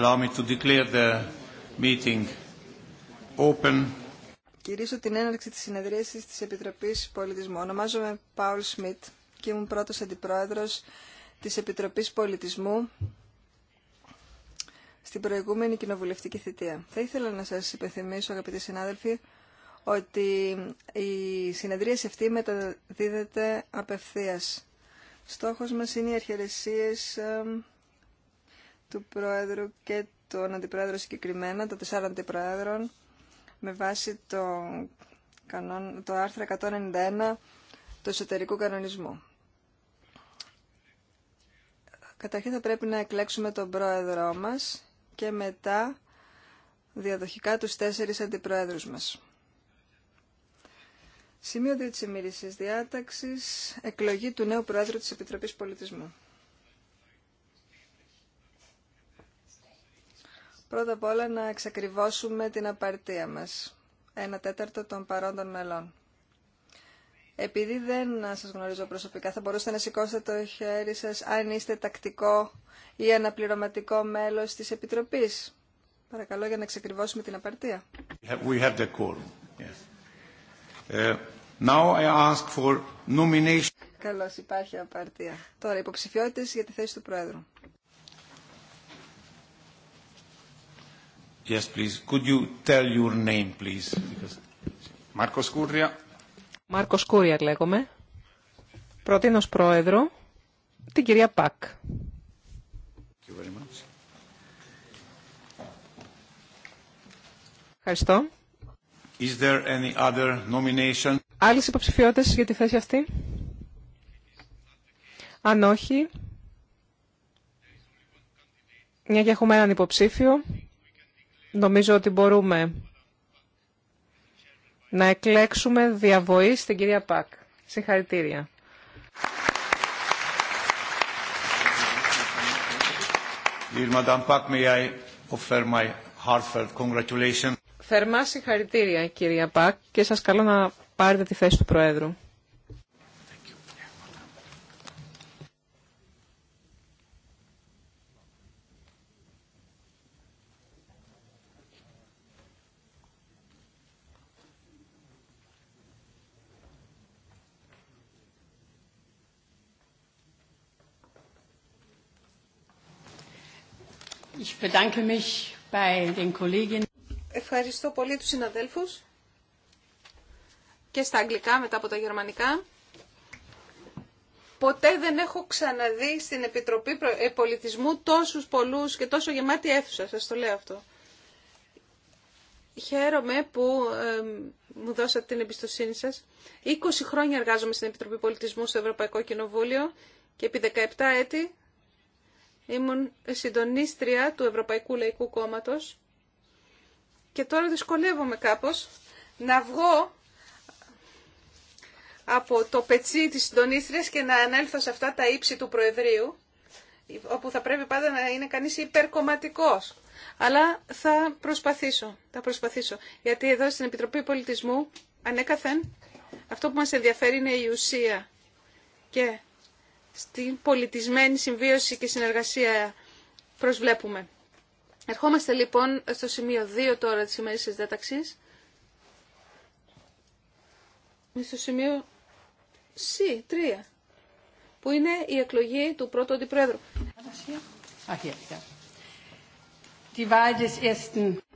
Allow me to declare the meeting open. Κυρίσω την έναρξη της συνεδρίασης της Επιτροπής Πολιτισμού. Ονομάζομαι Πάουλ Σμιτ και ήμουν πρώτος αντιπρόεδρος της Επιτροπής Πολιτισμού στην προηγούμενη κοινοβουλευτική θητεία. Θα ήθελα να σας υπενθυμίσω, αγαπητοί συνάδελφοι, ότι η συνεδρίαση αυτή μεταδίδεται απευθείας. Στόχος μας είναι οι αρχαιρεσίες του Πρόεδρου και των Αντιπρόεδρων συγκεκριμένα, των τεσσάρων Αντιπρόεδρων, με βάση το, κανόν, το άρθρο 191 του εσωτερικού κανονισμού. Καταρχήν θα πρέπει να εκλέξουμε τον Πρόεδρό μας και μετά διαδοχικά τους τέσσερις Αντιπρόεδρους μας. Σημείο 2 της διάταξης, εκλογή του νέου Πρόεδρου της Επιτροπής Πολιτισμού. πρώτα απ' όλα να εξακριβώσουμε την απαρτία μας. Ένα τέταρτο των παρόντων μελών. Επειδή δεν σας γνωρίζω προσωπικά, θα μπορούσατε να σηκώσετε το χέρι σας αν είστε τακτικό ή αναπληρωματικό μέλος της Επιτροπής. Παρακαλώ για να εξακριβώσουμε την απαρτία. We have the quorum. Yes. Uh, now I ask for nomination. Καλώς υπάρχει απαρτία. Τώρα υποψηφιότητες για τη θέση του Πρόεδρου. Yes, please. Could you tell your name, please? Because... Μάρκος Κούρια. Μάρκος Κούρια λέγομαι. Προτείνω πρόεδρο την κυρία Πακ. Thank you very much. Ευχαριστώ. Is there any other nomination? Άλλες υποψηφιότητες για τη θέση αυτή. Αν όχι, μια και έχουμε έναν υποψήφιο, Νομίζω ότι μπορούμε να εκλέξουμε διαβοή στην κυρία Πακ. Συγχαρητήρια. Θερμά συγχαρητήρια κυρία Πακ και σας καλώ να πάρετε τη θέση του Προέδρου. Ευχαριστώ πολύ τους συναδέλφους και στα αγγλικά μετά από τα γερμανικά. Ποτέ δεν έχω ξαναδεί στην Επιτροπή ε, Πολιτισμού τόσους πολλούς και τόσο γεμάτη αίθουσα, σας το λέω αυτό. Χαίρομαι που μου δώσατε την εμπιστοσύνη σας. 20 χρόνια εργάζομαι στην Επιτροπή Πολιτισμού στο Ευρωπαϊκό Κοινοβούλιο και επί 17 έτη Ήμουν συντονίστρια του Ευρωπαϊκού Λαϊκού Κόμματος και τώρα δυσκολεύομαι κάπως να βγω από το πετσί της συντονίστριας και να ανέλθω σε αυτά τα ύψη του Προεδρείου, όπου θα πρέπει πάντα να είναι κανείς υπερκομματικός. Αλλά θα προσπαθήσω, θα προσπαθήσω. Γιατί εδώ στην Επιτροπή Πολιτισμού, ανέκαθεν, αυτό που μας ενδιαφέρει είναι η ουσία. Και στην πολιτισμένη συμβίωση και συνεργασία προσβλέπουμε. Ερχόμαστε λοιπόν στο σημείο 2 τώρα της ημέρης της δέταξης. Στο σημείο C3 που είναι η εκλογή του πρώτου αντιπρόεδρου.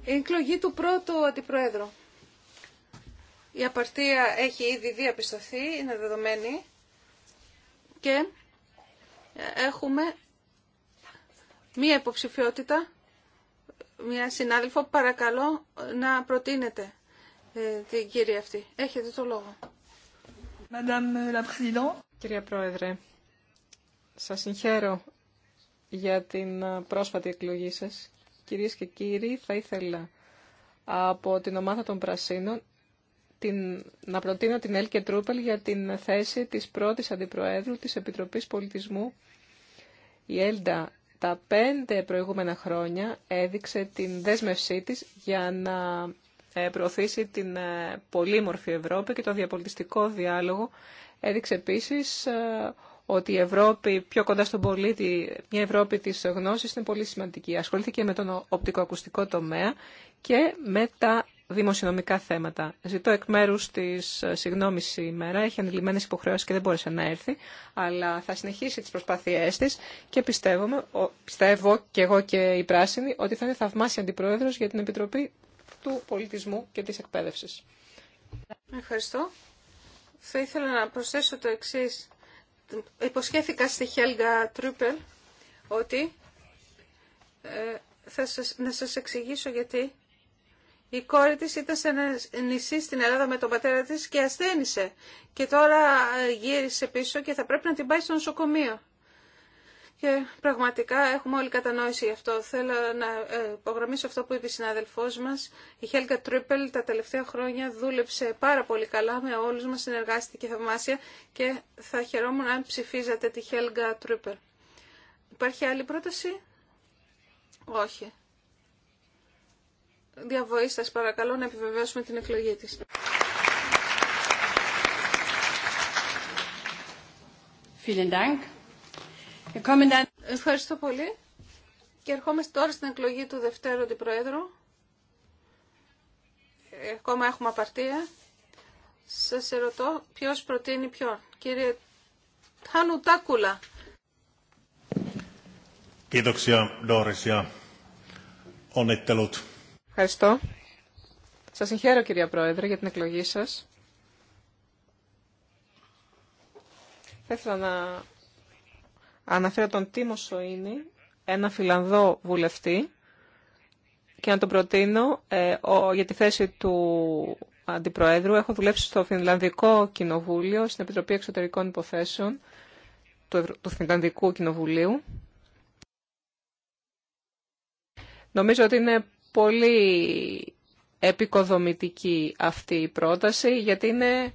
Η εκλογή του πρώτου αντιπρόεδρου. Η απαρτία έχει ήδη διαπιστωθεί, είναι δεδομένη και έχουμε μία υποψηφιότητα, μία συνάδελφο, παρακαλώ να προτείνετε ε, την κυρία αυτή. Έχετε το λόγο. Κυρία Πρόεδρε, σας συγχαίρω για την ε, πρόσφατη εκλογή σας. Κυρίες και κύριοι, θα ήθελα από την ομάδα των Πρασίνων την, να προτείνω την Έλκε Τρούπελ για την θέση της πρώτης Αντιπροέδρου της Επιτροπής Πολιτισμού. Η Έλντα τα πέντε προηγούμενα χρόνια έδειξε την δέσμευσή της για να ε, προωθήσει την ε, πολύμορφη Ευρώπη και το διαπολιτιστικό διάλογο. Έδειξε επίσης ε, ότι η Ευρώπη πιο κοντά στον πολίτη, μια Ευρώπη της γνώσης είναι πολύ σημαντική. Ασχολήθηκε με τον οπτικοακουστικό τομέα και με τα δημοσιονομικά θέματα. Ζητώ εκ μέρου τη ε, συγγνώμη σήμερα. Έχει ανηλυμένε υποχρεώσει και δεν μπόρεσε να έρθει. Αλλά θα συνεχίσει τι προσπάθειές τη και πιστεύω, πιστεύω και εγώ και οι πράσινοι ότι θα είναι θαυμάσια αντιπρόεδρο για την Επιτροπή του Πολιτισμού και τη Εκπαίδευση. Ευχαριστώ. Θα ήθελα να προσθέσω το εξή. Υποσχέθηκα στη Χέλγα Τρούπελ ότι ε, θα σας, σας εξηγήσω γιατί η κόρη της ήταν σε ένα νησί στην Ελλάδα με τον πατέρα της και ασθένησε. Και τώρα ε, γύρισε πίσω και θα πρέπει να την πάει στο νοσοκομείο. Και πραγματικά έχουμε όλη κατανόηση γι' αυτό. Θέλω να ε, υπογραμμίσω αυτό που είπε η συνάδελφός μας. Η Χέλγα Τρίπελ τα τελευταία χρόνια δούλεψε πάρα πολύ καλά με όλους μας, συνεργάστηκε θαυμάσια και θα χαιρόμουν αν ψηφίζατε τη Χέλγα Τρίπελ. Υπάρχει άλλη πρόταση? Όχι διαβοή σας παρακαλώ να επιβεβαιώσουμε την εκλογή της. Ευχαριστώ πολύ. Και ερχόμαστε τώρα στην εκλογή του Δευτέρου Αντιπροέδρου. Εκόμα έχουμε απαρτία. Σας ερωτώ ποιος προτείνει ποιον. Κύριε Τάνου Τάκουλα. Ευχαριστώ. Σας συγχαίρω κυρία Πρόεδρε για την εκλογή σας. Θα ήθελα να αναφέρω τον Τίμο Σοίνη, ένα Φιλανδό βουλευτή, και να τον προτείνω ε, ο, για τη θέση του Αντιπροέδρου. Έχω δουλέψει στο Φινλανδικό Κοινοβούλιο, στην Επιτροπή Εξωτερικών Υποθέσεων του, του Φινλανδικού Κοινοβουλίου. Νομίζω ότι είναι πολύ επικοδομητική αυτή η πρόταση, γιατί είναι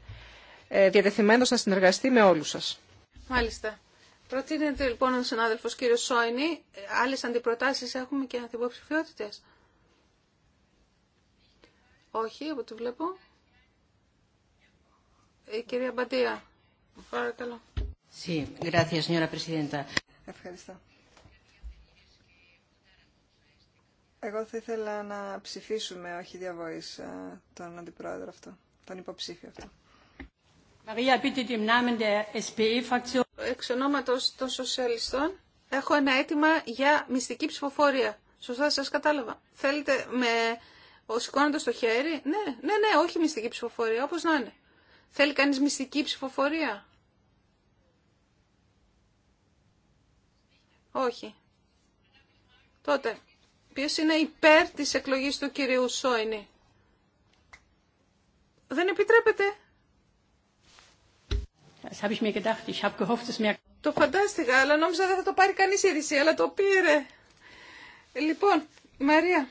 ε, διατεθειμένος να συνεργαστεί με όλους σας. Μάλιστα. Προτείνεται λοιπόν ο συνάδελφος κύριος Σόινη. Ε, άλλες αντιπροτάσεις έχουμε και αντιποψηφιότητες. Όχι, από το βλέπω. Η ε, κυρία Μπαντία, παρακαλώ. Sí, gracias, señora presidenta. Ευχαριστώ. Εγώ θα ήθελα να ψηφίσουμε, όχι διαβοής, ε, τον αντιπρόεδρο αυτό, τον υποψήφιο αυτό. Μαρία, πείτε spe Εξ ονόματος των σοσιαλιστών, έχω ένα αίτημα για μυστική ψηφοφορία. Σωστά σας κατάλαβα. Θέλετε με σηκώνοντα το χέρι. Ναι, ναι, ναι, όχι μυστική ψηφοφορία, όπως να είναι. Θέλει κανεί μυστική ψηφοφορία. Όχι. Τότε, ποιο είναι υπέρ της εκλογής του κυρίου Σόινη. Δεν επιτρέπεται. Το φαντάστηκα, αλλά νόμιζα δεν θα το πάρει κανεί η ειδησία, αλλά το πήρε. Λοιπόν, Μαρία,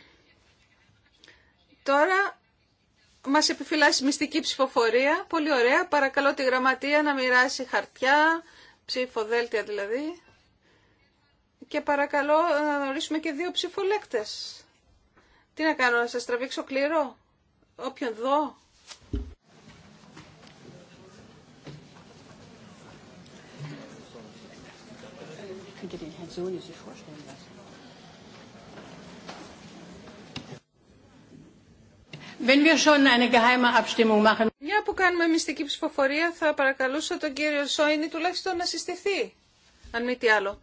τώρα μας επιφυλάσσει μυστική ψηφοφορία. Πολύ ωραία. Παρακαλώ τη γραμματεία να μοιράσει χαρτιά, ψηφοδέλτια δηλαδή και παρακαλώ ε, να ορίσουμε και δύο ψηφολέκτες. Τι να κάνω, να σας τραβήξω κλήρο, όποιον δω. Μια που κάνουμε μυστική ψηφοφορία θα παρακαλούσα τον κύριο Σόινι τουλάχιστον να συστηθεί, αν μη τι άλλο.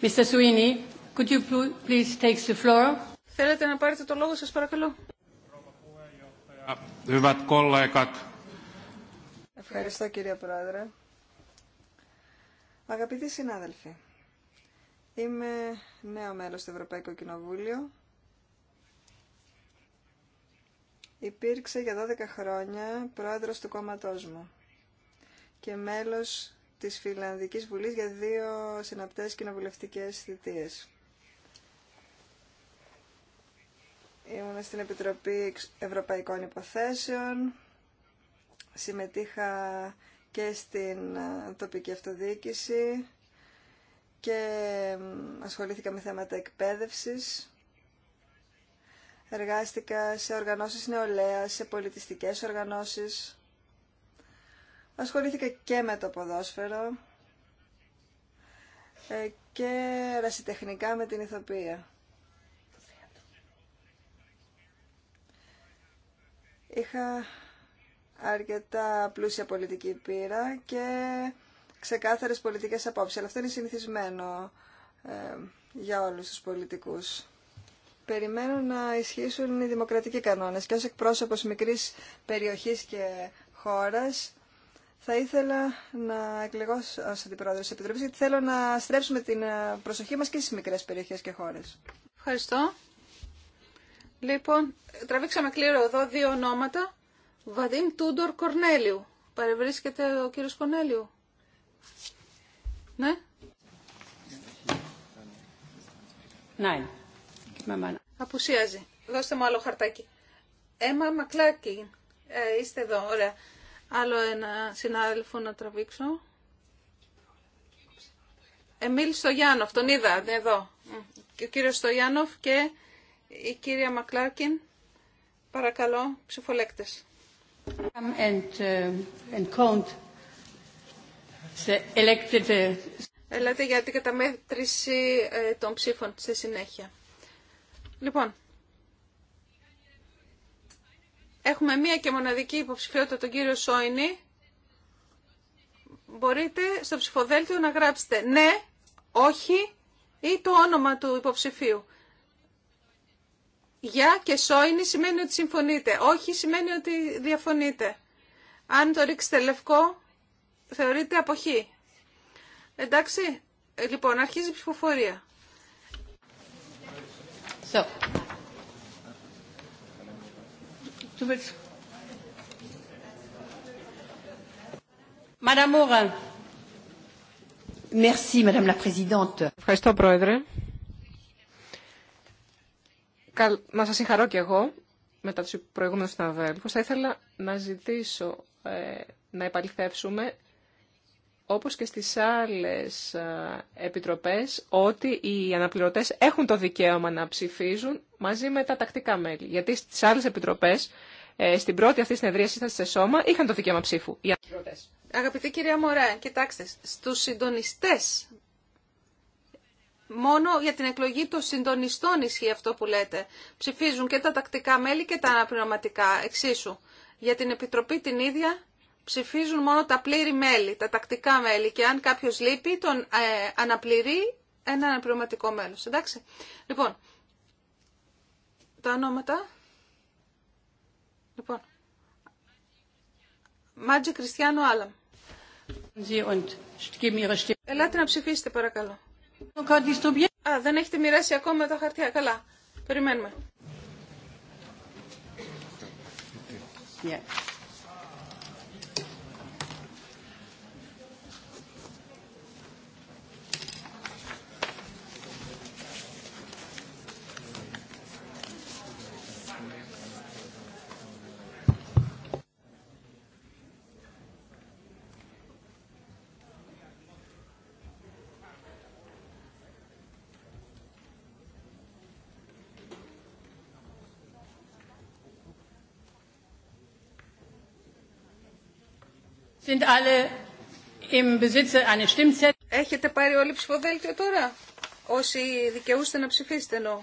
Mr. could Θέλετε να πάρετε το λόγο σας παρακαλώ. Ευχαριστώ κύριε Πρόεδρε. Αγαπητοί συνάδελφοι, είμαι νέο μέλος του Ευρωπαϊκού Κοινοβούλιο. Υπήρξε για 12 χρόνια πρόεδρος του κόμματός μου και μέλος της Φιλανδικής Βουλής για δύο συναπτές κοινοβουλευτικέ θητείες. Ήμουν στην Επιτροπή Ευρωπαϊκών Υποθέσεων, συμμετείχα και στην ε, τοπική αυτοδιοίκηση και ασχολήθηκα με θέματα εκπαίδευσης. Εργάστηκα σε οργανώσεις νεολαίας, σε πολιτιστικές οργανώσεις Ασχολήθηκα και με το ποδόσφαιρο ε, και ρασιτεχνικά με την ηθοποία. Είχα αρκετά πλούσια πολιτική πείρα και ξεκάθαρες πολιτικές απόψεις. Αλλά αυτό είναι συνηθισμένο ε, για όλους τους πολιτικούς. Περιμένω να ισχύσουν οι δημοκρατικοί κανόνες και ως εκπρόσωπος μικρής περιοχής και χώρας θα ήθελα να εκλεγώ ω αντιπρόεδρο τη Επιτροπή, γιατί θέλω να στρέψουμε την ε, προσοχή μα και στι μικρέ περιοχέ και χώρε. Ευχαριστώ. Λοιπόν, τραβήξαμε κλήρο εδώ δύο ονόματα. Βαδίμ Τούντορ Κορνέλιου. Παρευρίσκεται ο κύριος Κορνέλιου. Ναι. Ναι. Απουσιάζει. Δώστε μου άλλο χαρτάκι. Έμα Μακλάκι. Ε, είστε εδώ. Ωραία. Άλλο ένα συνάδελφο να τραβήξω. Εμίλ Στογιάνοφ, τον είδα ναι, εδώ. ο κύριος Στογιάνοφ και η κυρία Μακλάρκιν. Παρακαλώ, ψηφολέκτες. Uh, uh, Ελάτε για την καταμέτρηση ε, των ψήφων στη συνέχεια. Λοιπόν, Έχουμε μία και μοναδική υποψηφιότητα, τον κύριο Σόινη. Μπορείτε στο ψηφοδέλτιο να γράψετε ναι, όχι ή το όνομα του υποψηφίου. Για και Σόινη σημαίνει ότι συμφωνείτε. Όχι σημαίνει ότι διαφωνείτε. Αν το ρίξετε λευκό, θεωρείται αποχή. Εντάξει, λοιπόν, αρχίζει η ψηφοφορία. So, Ευχαριστώ, Πρόεδρε. Να σας συγχαρώ και εγώ μετά τους προηγούμενους συναδέλφους. Θα ήθελα να ζητήσω ε, να επαληθεύσουμε όπως και στις άλλες ε, επιτροπές, ότι οι αναπληρωτές έχουν το δικαίωμα να ψηφίζουν μαζί με τα τακτικά μέλη. Γιατί στι άλλε επιτροπέ, ε, στην πρώτη αυτή συνεδρία, σύσταση σε σώμα, είχαν το δικαίωμα ψήφου. Οι Αγαπητή κυρία Μωρέ, κοιτάξτε, στου συντονιστέ. Μόνο για την εκλογή των συντονιστών ισχύει αυτό που λέτε. Ψηφίζουν και τα τακτικά μέλη και τα αναπληρωματικά εξίσου. Για την Επιτροπή την ίδια ψηφίζουν μόνο τα πλήρη μέλη, τα τακτικά μέλη και αν κάποιος λείπει τον ε, αναπληρεί ένα αναπληρωματικό μέλο. Εντάξει. Λοιπόν, τα ονόματα. Λοιπόν. Μάτζε Κριστιάνο Άλαμ. Ελάτε να ψηφίσετε παρακαλώ. Α, δεν έχετε μοιράσει ακόμα τα χαρτιά. Καλά. Περιμένουμε. Yeah. Ναι. Έχετε πάρει όλοι ψηφοδέλτιο τώρα, όσοι δικαιούστε να ψηφίσετε εννοώ.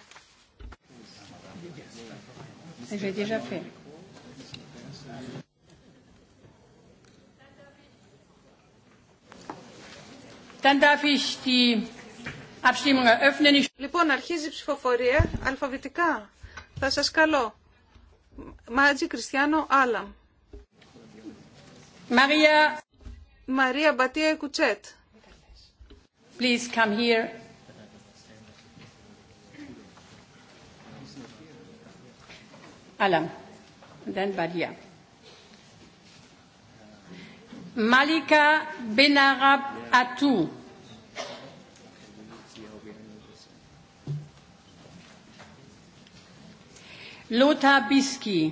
Λοιπόν, αρχίζει η ψηφοφορία αλφαβητικά. Θα σας καλώ. Μάτζι Κριστιανό Άλαμ. Μαρία. Μαρία Μπατία Κουτσέτ. Please come here. Alam. Then Badia. Malika Benarab Atou. Lothar Biski.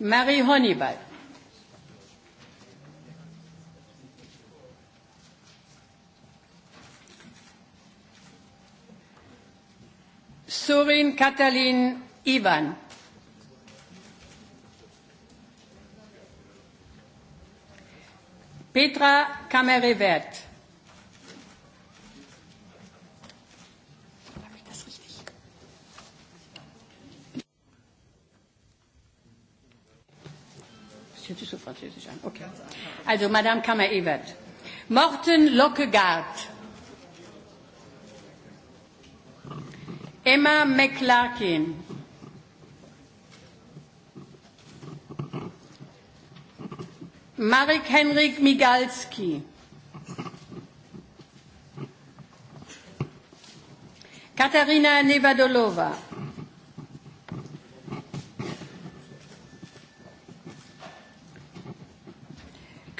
Marie Honeyball. Sorin Katalin Ivan. Petra Kamerevert. Okay. Also, Madame Kammer-Ebert. Morten Lockegaard. Emma McClarkin. Marek-Henrik Migalski. Katarina Nevadolova.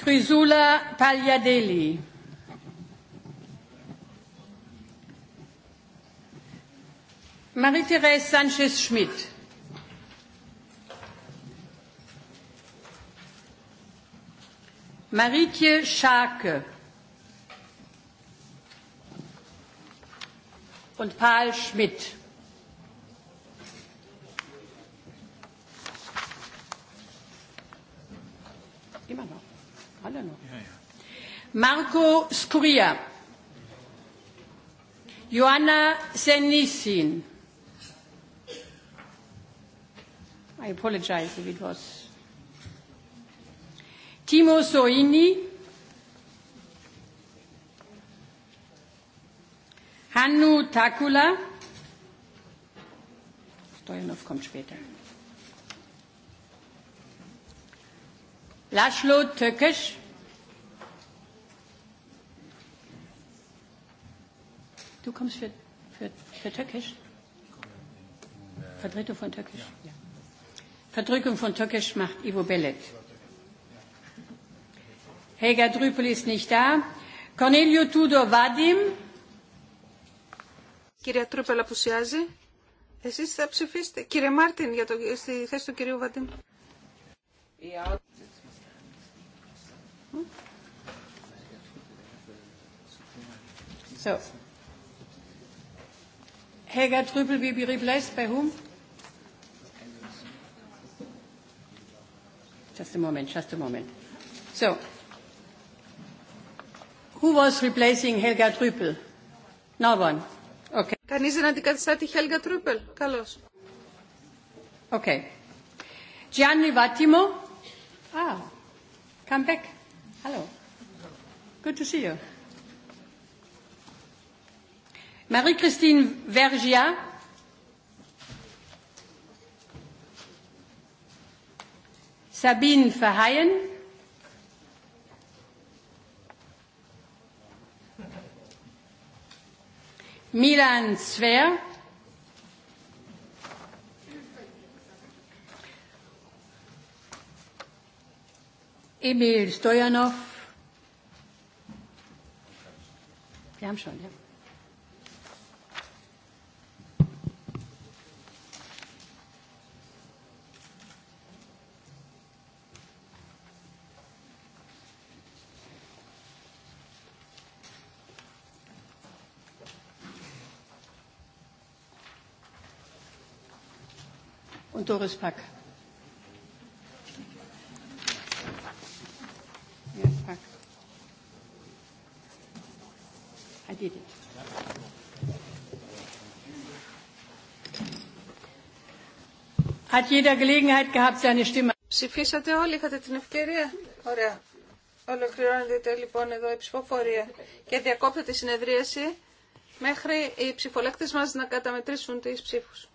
Frisula Pagliadelli. Marie-Thérèse Sanchez-Schmidt. Marieke Schake. Und Paul Schmidt. Ja, ja. Marco Scuria, Joanna Senissin. I apologize if it was. Timo Soini, Hannu Takula. Stojanov kommt später. Laszlo Tökesch. Du kommst für, für, für Türkisch? Vertretung von Türkisch? Ja. Verdrückung von Türkisch macht Ivo Bellet. Helga Drüpel ist nicht da. Cornelio Tudor Vadim. Κυρία Es απουσιάζει. Εσείς θα ψηφίσετε. Κύριε Μάρτιν, για το, στη θέση του κυρίου Ja. So, Helga Trüppel will be bei by whom? Just a moment, just a moment. So, who was replacing Helga Trüppel? No one. Okay. Κανείς δεν αντικαθιστά τη Helga Trüppel. Καλώς. Okay. Gianni Vattimo. Ah, come back. Hello. Good to see you. Marie-Christine Vergia. Sabine Verheyen. Milan Sver. Emil Stojanov. Wir haben schon, ja. Ψηφίσατε όλοι, είχατε την ευκαιρία. Ωραία. Ολοκληρώνεται λοιπόν εδώ η ψηφοφορία και διακόπτεται η συνεδρίαση μέχρι οι ψηφολέκτες μας να καταμετρήσουν τις ψήφους.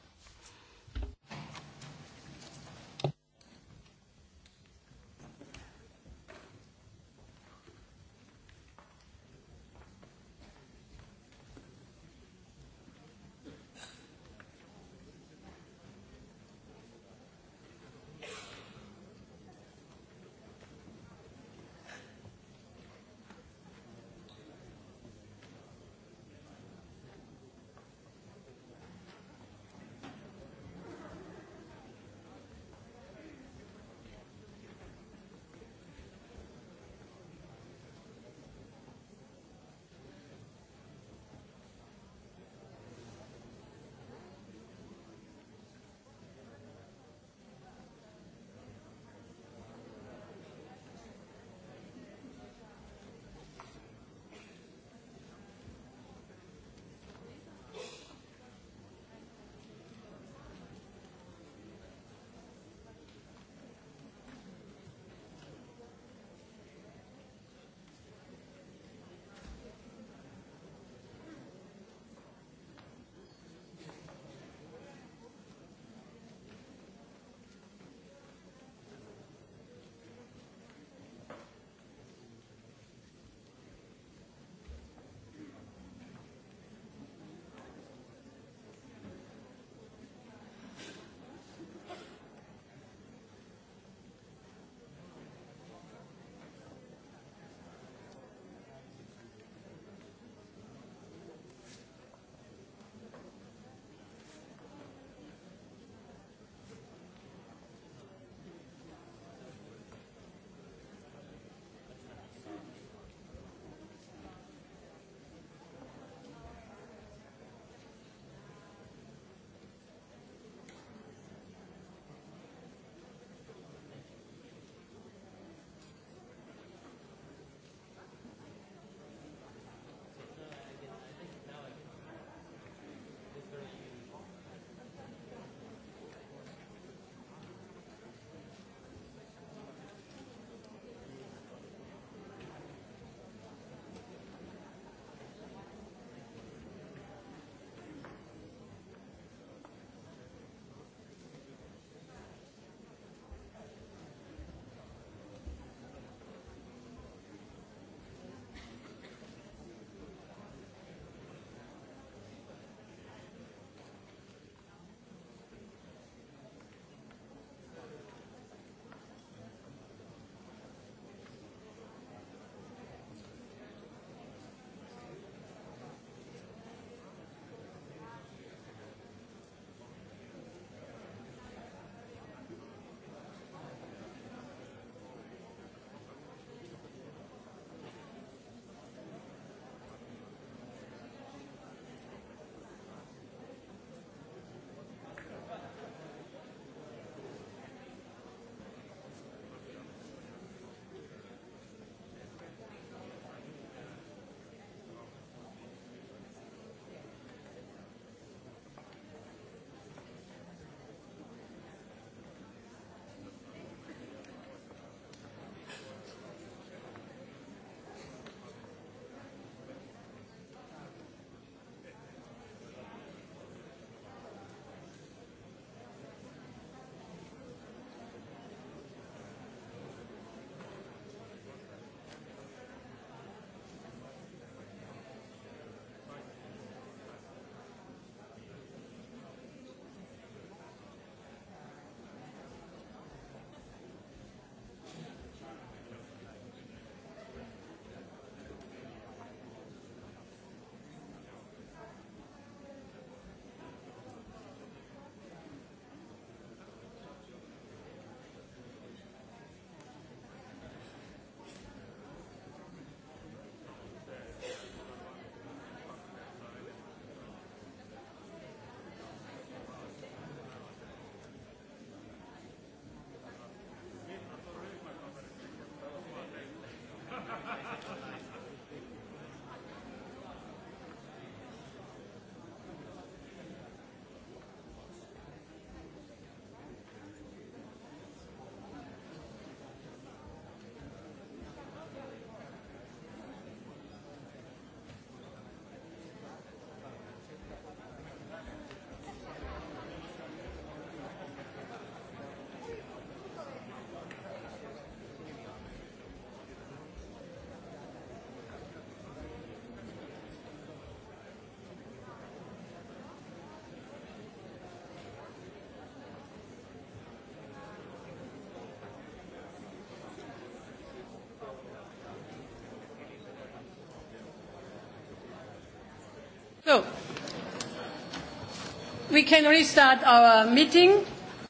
We can restart our meeting.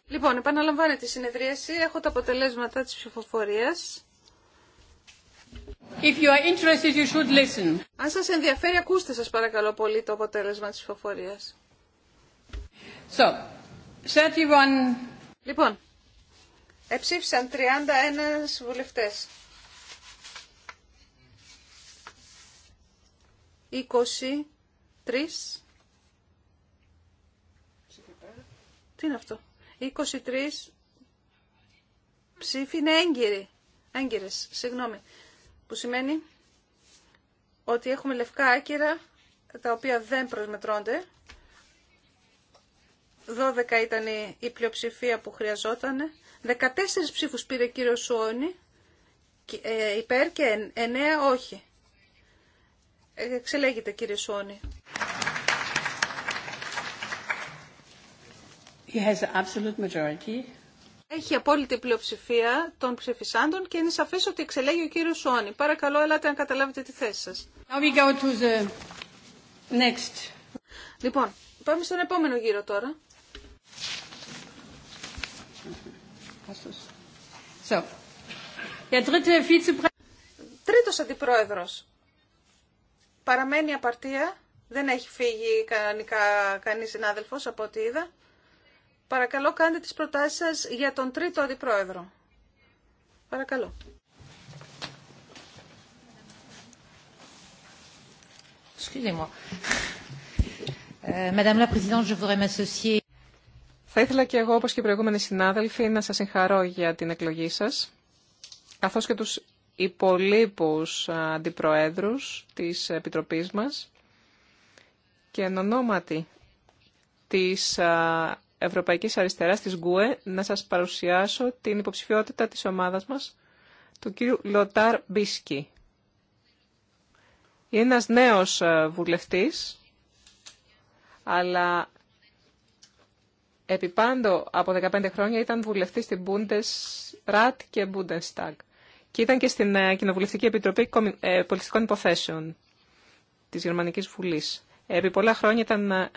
Λοιπόν, επαναλαμβάνεται τη συνεδρίαση. Έχω τα αποτελέσματα της ψηφοφορίας. If you are interested, you should listen. Αν σας ενδιαφέρει, ακούστε σας παρακαλώ πολύ το αποτέλεσμα της ψηφοφορίας. So, 31... Λοιπόν, εψήφισαν 31 βουλευτές. 23 Τι αυτό. 23 ψήφοι είναι έγκυροι. Έγκυρες, Που σημαίνει ότι έχουμε λευκά άκυρα τα οποία δεν προσμετρώνται. 12 ήταν η πλειοψηφία που χρειαζόταν. 14 ψήφους πήρε κύριο Σουόνι ε, υπέρ και 9 όχι. Ε, εξελέγεται κύριε Σόνη. He has absolute majority. Έχει απόλυτη πλειοψηφία των ψηφισάντων και είναι σαφές ότι εξελέγει ο κύριος Σόνι. Παρακαλώ, ελάτε να καταλάβετε τη θέση σας. Now we go to the next. Λοιπόν, πάμε στον επόμενο γύρο τώρα. So. Der Τρίτος αντιπρόεδρος. Παραμένει απαρτία. Δεν έχει φύγει κανονικά κανείς συνάδελφος από ό,τι είδα. Παρακαλώ κάντε τις προτάσεις σας για τον τρίτο αντιπρόεδρο. Παρακαλώ. Euh, Θα ήθελα και εγώ, όπως και οι προηγούμενοι συνάδελφοι, να σας συγχαρώ για την εκλογή σας, καθώς και τους υπολείπους αντιπροέδρους της Επιτροπής μας και εν ονόματι της Ευρωπαϊκή αριστερά τη ΓΚΟΕ να σας παρουσιάσω την υποψηφιότητα της ομάδας μας, του κύριου Λοτάρ Μπίσκι. Είναι ένας νέος ε, βουλευτής, αλλά επιπάντο από 15 χρόνια ήταν βουλευτής στην Bundesrat και Bundestag και ήταν και στην ε, Κοινοβουλευτική Επιτροπή ε, Πολιτιστικών Υποθέσεων της Γερμανικής Βουλής. Επί πολλά χρόνια ήταν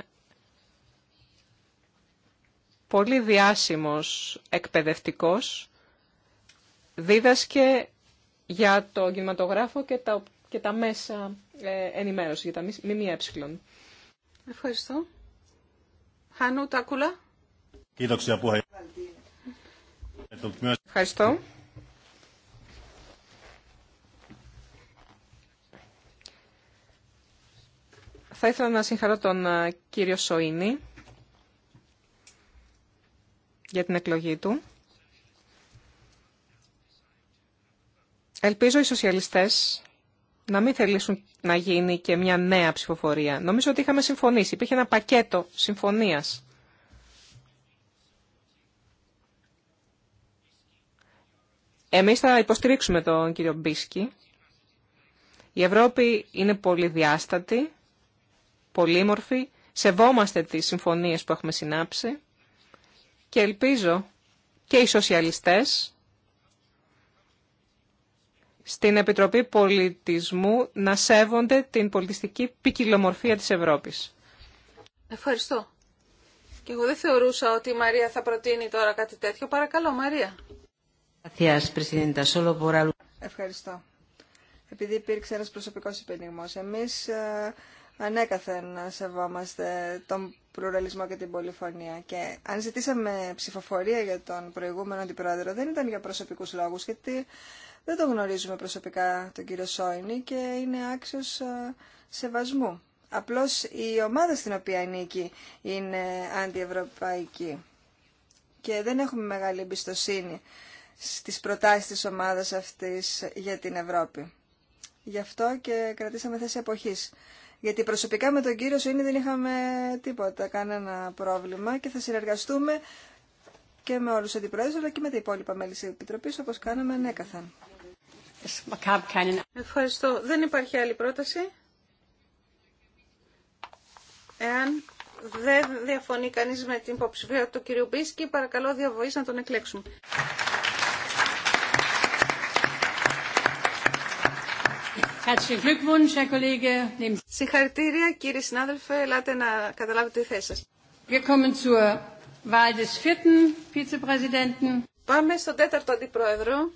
πολύ διάσημος εκπαιδευτικός, δίδασκε για το κινηματογράφο και τα, και τα μέσα ε, ενημέρωση, για τα ΜΜΕ. Ευχαριστώ. Χάνου Τάκουλα. Ευχαριστώ. Θα ήθελα να συγχαρώ τον ε, κύριο Σοίνη για την εκλογή του. Ελπίζω οι σοσιαλιστές να μην θελήσουν να γίνει και μια νέα ψηφοφορία. Νομίζω ότι είχαμε συμφωνήσει. Υπήρχε ένα πακέτο συμφωνίας. Εμείς θα υποστηρίξουμε τον κύριο Μπίσκι. Η Ευρώπη είναι πολυδιάστατη, πολύμορφη. Σεβόμαστε τις συμφωνίες που έχουμε συνάψει και ελπίζω και οι σοσιαλιστές στην Επιτροπή Πολιτισμού να σέβονται την πολιτιστική ποικιλομορφία της Ευρώπης. Ευχαριστώ. Και εγώ δεν θεωρούσα ότι η Μαρία θα προτείνει τώρα κάτι τέτοιο. Παρακαλώ, Μαρία. Ευχαριστώ. Επειδή υπήρξε ένας προσωπικός υπενιγμός, εμείς ε, ανέκαθεν σεβόμαστε τον πλουραλισμό και την πολυφωνία. Και αν ζητήσαμε ψηφοφορία για τον προηγούμενο αντιπρόεδρο, δεν ήταν για προσωπικούς λόγους, γιατί δεν τον γνωρίζουμε προσωπικά τον κύριο Σόινι και είναι άξιος ε, σεβασμού. Απλώς η ομάδα στην οποία ανήκει είναι αντιευρωπαϊκή και δεν έχουμε μεγάλη εμπιστοσύνη στις προτάσει τη ομάδα αυτή για την Ευρώπη. Γι' αυτό και κρατήσαμε θέση εποχής. Γιατί προσωπικά με τον κύριο Σουίνι δεν είχαμε τίποτα, κανένα πρόβλημα και θα συνεργαστούμε και με όλους τους αντιπρόεδρους αλλά και με τα υπόλοιπα μέλη της Επιτροπής όπως κάναμε ανέκαθαν. Ευχαριστώ. Δεν υπάρχει άλλη πρόταση. Εάν δεν διαφωνεί κανείς με την υποψηφία του κυρίου Μπίσκη, παρακαλώ διαβοή να τον εκλέξουμε. Συγχαρητήρια κύριε συνάδελφε, ελάτε να καταλάβετε τη θέση σας. Πάμε στον τέταρτο αντιπρόεδρο.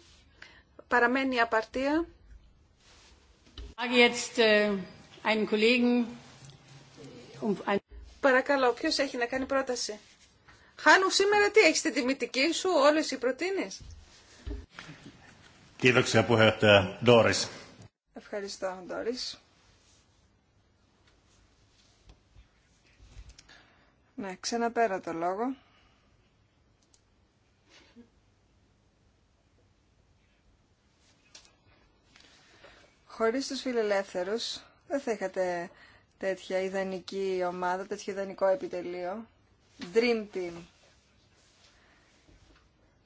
Παραμένει η απαρτία. Äh, um Παρακαλώ, ποιος έχει να κάνει πρόταση. Χάνου, σήμερα τι έχεις την τιμητική σου, όλες οι προτείνεις. Κύριε που Ευχαριστώ, Ντόρις. Ναι, ξαναπέρα το λόγο. Χωρίς τους φιλελεύθερους δεν θα είχατε τέτοια ιδανική ομάδα, τέτοιο ιδανικό επιτελείο. Dream Team.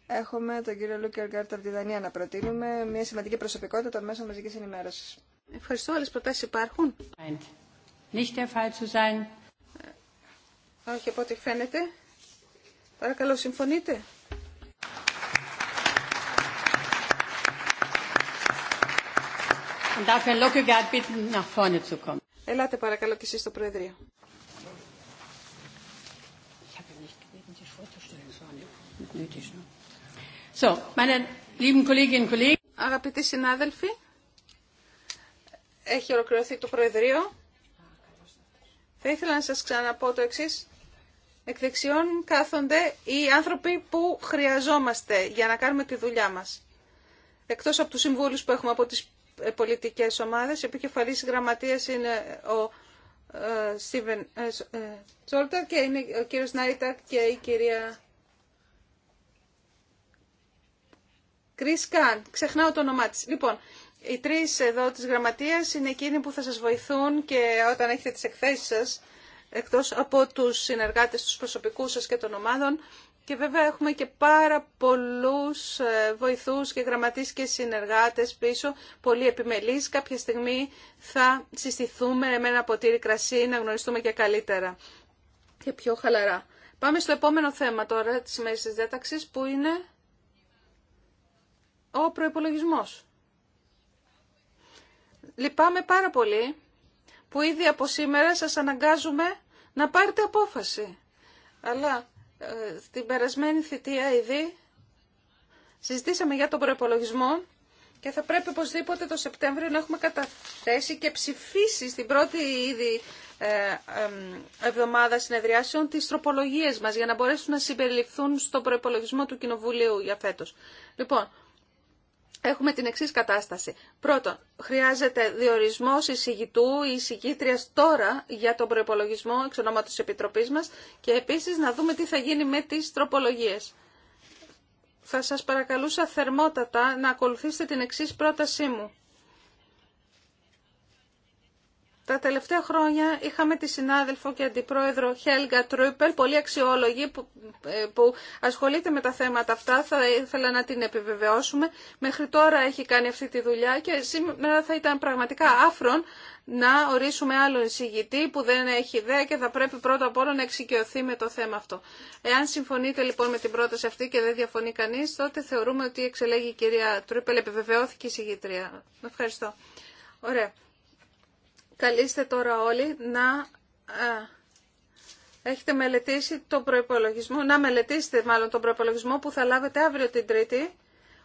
Έχουμε τον κύριο Λούκερ Γκάρτ από τη Δανία να προτείνουμε μια σημαντική προσωπικότητα των μέσων μαζική ενημέρωση. Ευχαριστώ. Άλλε προτάσει υπάρχουν. Nicht der Fall zu sein. όχι από ό,τι φαίνεται. Παρακαλώ, συμφωνείτε. Und darf Lockegaard bitten, nach vorne zu kommen. Ελάτε παρακαλώ και εσείς στο Προεδρείο. Ich habe nicht gebeten, sich vorzustellen, nicht nötig. Ne? So, meine lieben Kolleginnen und Kollegen. Αγαπητοί συνάδελφοι, έχει ολοκληρωθεί το Προεδρείο. Θα ήθελα να σας ξαναπώ το εξή. Εκ δεξιών κάθονται οι άνθρωποι που χρειαζόμαστε για να κάνουμε τη δουλειά μας. Εκτός από τους συμβούλους που έχουμε από τις πολιτικές ομάδες, επικεφαλής γραμματείας είναι ο ε, Στίβεν Τσόλτα ε, ε, και είναι ο κύριος Νάιταρ και η κυρία Kahn. ξεχνάω το όνομά της. Λοιπόν, οι τρεις εδώ της γραμματείας είναι εκείνοι που θα σας βοηθούν και όταν έχετε τις εκθέσεις σας, εκτός από τους συνεργάτες, τους προσωπικούς σας και των ομάδων, και βέβαια έχουμε και πάρα πολλούς ε, βοηθούς και γραμματείς και συνεργάτες πίσω, πολύ επιμελείς. Κάποια στιγμή θα συστηθούμε με ένα ποτήρι κρασί να γνωριστούμε και καλύτερα και πιο χαλαρά. Πάμε στο επόμενο θέμα τώρα της μέσης διάταξης που είναι ο προϋπολογισμός. Λυπάμαι πάρα πολύ που ήδη από σήμερα σας αναγκάζουμε να πάρετε απόφαση. Αλλά ε, στην περασμένη θητεία ήδη συζητήσαμε για τον προϋπολογισμό και θα πρέπει οπωσδήποτε το Σεπτέμβριο να έχουμε καταθέσει και ψηφίσει στην πρώτη ήδη ε, εβδομάδα συνεδριάσεων τις τροπολογίες μας για να μπορέσουν να συμπεριληφθούν στον προϋπολογισμό του Κοινοβουλίου για φέτος. Λοιπόν, έχουμε την εξής κατάσταση. Πρώτον, χρειάζεται διορισμός εισηγητού ή εισηγήτριας τώρα για τον προϋπολογισμό εξ ονόματος Επιτροπής μας και επίσης να δούμε τι θα γίνει με τις τροπολογίες. Θα σας παρακαλούσα θερμότατα να ακολουθήσετε την εξής πρότασή μου. Τα τελευταία χρόνια είχαμε τη συνάδελφο και αντιπρόεδρο Χέλγα Τρούπελ, πολύ αξιόλογη που, ε, που ασχολείται με τα θέματα αυτά. Θα ήθελα να την επιβεβαιώσουμε. Μέχρι τώρα έχει κάνει αυτή τη δουλειά και σήμερα θα ήταν πραγματικά άφρον να ορίσουμε άλλον εισηγητή που δεν έχει ιδέα και θα πρέπει πρώτα απ' όλα να εξοικειωθεί με το θέμα αυτό. Εάν συμφωνείτε λοιπόν με την πρόταση αυτή και δεν διαφωνεί κανείς, τότε θεωρούμε ότι εξελέγει η κυρία Τρούπελ, επιβεβαιώθηκε η εισηγητρία. Ευχαριστώ. Ωραία καλείστε τώρα όλοι να ε, έχετε μελετήσει τον προϋπολογισμό, να μελετήσετε μάλλον τον προϋπολογισμό που θα λάβετε αύριο την Τρίτη,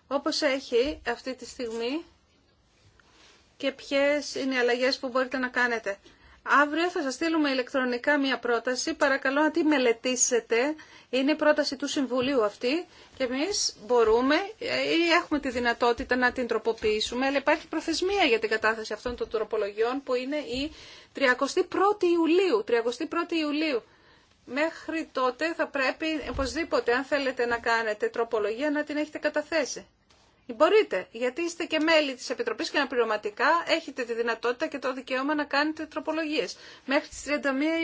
όπως έχει αυτή τη στιγμή και ποιες είναι οι αλλαγές που μπορείτε να κάνετε. Αύριο θα σας στείλουμε ηλεκτρονικά μία πρόταση. Παρακαλώ να τη μελετήσετε. Είναι η πρόταση του Συμβουλίου αυτή και εμείς μπορούμε ή έχουμε τη δυνατότητα να την τροποποιήσουμε. Αλλά υπάρχει προθεσμία για την κατάθεση αυτών των τροπολογιών που είναι η 31η Ιουλίου. 31η Ιουλίου. Μέχρι τότε θα πρέπει οπωσδήποτε αν θέλετε να κάνετε τροπολογία να την έχετε καταθέσει. Μπορείτε, γιατί είστε και μέλη της Επιτροπής και αναπληρωματικά έχετε τη δυνατότητα και το δικαίωμα να κάνετε τροπολογίες μέχρι τις 31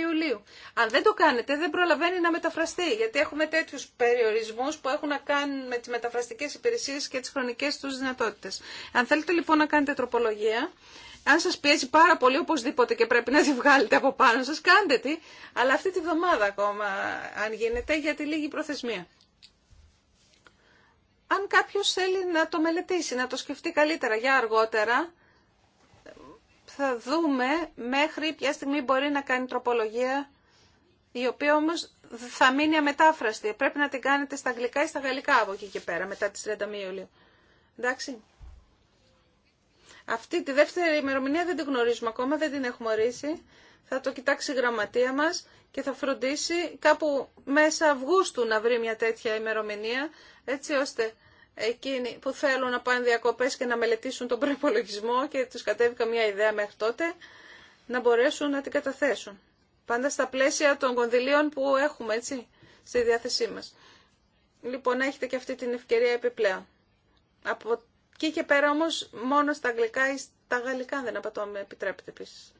Ιουλίου. Αν δεν το κάνετε δεν προλαβαίνει να μεταφραστεί, γιατί έχουμε τέτοιους περιορισμούς που έχουν να κάνουν με τις μεταφραστικές υπηρεσίες και τις χρονικές τους δυνατότητες. Αν θέλετε λοιπόν να κάνετε τροπολογία, αν σας πιέζει πάρα πολύ οπωσδήποτε και πρέπει να τη βγάλετε από πάνω σας, κάντε τη, αλλά αυτή τη βδομάδα ακόμα αν γίνεται για τη λίγη προθεσμία. Αν κάποιος θέλει να το μελετήσει, να το σκεφτεί καλύτερα για αργότερα, θα δούμε μέχρι ποια στιγμή μπορεί να κάνει τροπολογία, η οποία όμως θα μείνει αμετάφραστη. Πρέπει να την κάνετε στα αγγλικά ή στα γαλλικά από εκεί και πέρα, μετά τις 30 Ιουλίου. Εντάξει. Αυτή τη δεύτερη ημερομηνία δεν την γνωρίζουμε ακόμα, δεν την έχουμε ορίσει. Θα το κοιτάξει η γραμματεία μας και θα φροντίσει κάπου μέσα Αυγούστου να βρει μια τέτοια ημερομηνία, έτσι ώστε εκείνοι που θέλουν να πάνε διακοπές και να μελετήσουν τον προπολογισμό και τους κατέβηκα μια ιδέα μέχρι τότε, να μπορέσουν να την καταθέσουν. Πάντα στα πλαίσια των κονδυλίων που έχουμε, έτσι, στη διάθεσή μας. Λοιπόν, έχετε και αυτή την ευκαιρία επιπλέον. Από εκεί και πέρα όμως, μόνο στα αγγλικά ή στα γαλλικά, δεν απατώ, με επιτρέπετε επίση.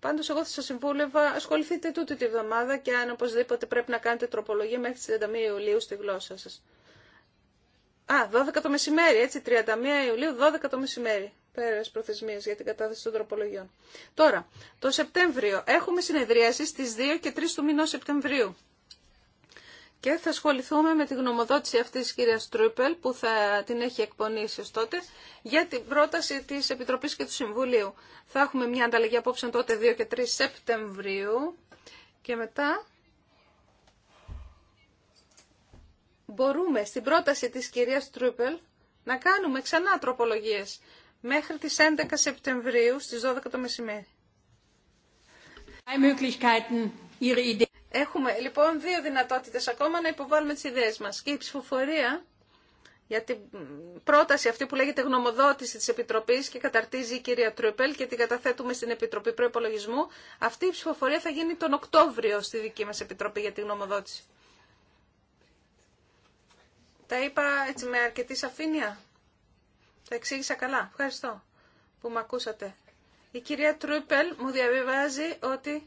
Πάντω, εγώ θα σα συμβούλευα, ασχοληθείτε τούτη τη βδομάδα και αν οπωσδήποτε πρέπει να κάνετε τροπολογία μέχρι τι 31 Ιουλίου στη γλώσσα σα. Α, 12 το μεσημέρι, έτσι, 31 Ιουλίου, 12 το μεσημέρι. Πέρας προθεσμίες για την κατάθεση των τροπολογιών. Τώρα, το Σεπτέμβριο έχουμε συνεδρίαση στις 2 και 3 του μηνός Σεπτεμβρίου. Και θα ασχοληθούμε με τη γνωμοδότηση αυτής της κυρίας Τρούπελ που θα την έχει εκπονήσει ως τότε για την πρόταση της Επιτροπής και του Συμβουλίου. Θα έχουμε μια ανταλλαγή απόψε τότε 2 και 3 Σεπτεμβρίου και μετά μπορούμε στην πρόταση της κυρίας Τρούπελ να κάνουμε ξανά τροπολογίες μέχρι τις 11 Σεπτεμβρίου στις 12 το μεσημέρι. Έχουμε λοιπόν δύο δυνατότητες ακόμα να υποβάλουμε τις ιδέες μας και η ψηφοφορία για την πρόταση αυτή που λέγεται γνωμοδότηση της Επιτροπής και καταρτίζει η κυρία Τρούπελ και την καταθέτουμε στην Επιτροπή Προϋπολογισμού. Αυτή η ψηφοφορία θα γίνει τον Οκτώβριο στη δική μας Επιτροπή για τη γνωμοδότηση. Τα είπα έτσι με αρκετή σαφήνεια. Τα εξήγησα καλά. Ευχαριστώ που με ακούσατε. Η κυρία Τρούπελ μου διαβιβάζει ότι